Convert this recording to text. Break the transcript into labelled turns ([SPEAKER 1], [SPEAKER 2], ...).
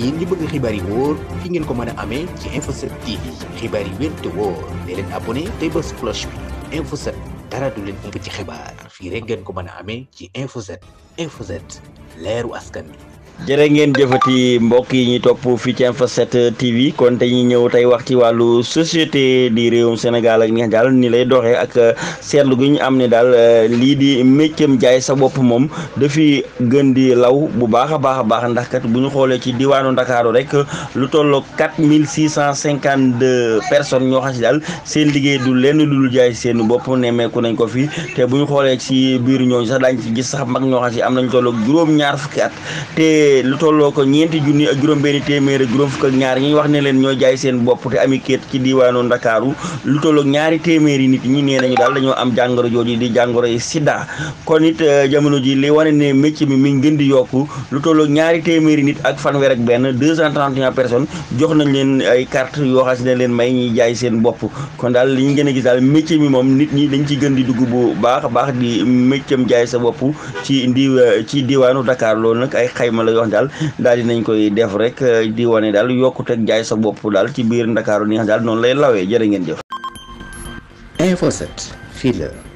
[SPEAKER 1] yéen ñi bëgg xibaar yi wóor fi ngeen ko mën a amee ci Info7 TV xibaar yi wér te wóor ne leen abonné te bës cloche bi Info7 dara du leen ëmb ci xibaar fii rek ngeen ko mën a amee ci Info7 Info7 leeru askan wi.
[SPEAKER 2] jërë ngeen jëfati mbokk yi ñuy topp fii ci Info 7 TV kon dañuy ñëw tey wax ci wàllu société di réewum Sénégal ak ñi daal ni lay doxee ak euh, seetlu gi ñu am ni daal euh, lii di méccam jaay sa bopp moom dafi gën di law bu baax a baax a baax ndaxkat kat bu ñu xoolee ci diwaanu Ndakaaru rek lu tolloo cinquante personnes ñoo xam yi daal seen liggéey du lenn lu dul jaay seen bopp nemmeeku nañ ko fi te bu ñu xoolee ci biir ñooñu sax daañu ci gis sax mag ñoo xam am nañ tolloo juróom fukki at jëlee lu tolloo ko ñeenti junni ak juróom-benni téeméer ak ñaari téeméeri nit ñi nee nañu daal dañoo am jàngoro jooju di jàngoro yi sida kon it euh, jamono ji li wane ne métier mi mi ngi gën di yokku lu tolloo ñaari téeméeri nit ak fanweer ak benn 231 personnes jox nañ leen ay carte yoo xam ne leen may ñuy jaay seen bopp kon daal li ñu gën a gis daal métier mi moom nit ñi dañ ci gën di dugg bu baax a baax di métier jaay sa bopp ci ndiw euh, ci diiwaanu nag ay xayma la wax ne daal daal dinañ koy def rek eh, di wane daal yokkuteeg jaay sa bopp daal ci biir ndakaaru ni nga xam daal noonu lay lawee jërë ngeen jëf.
[SPEAKER 1] Info 7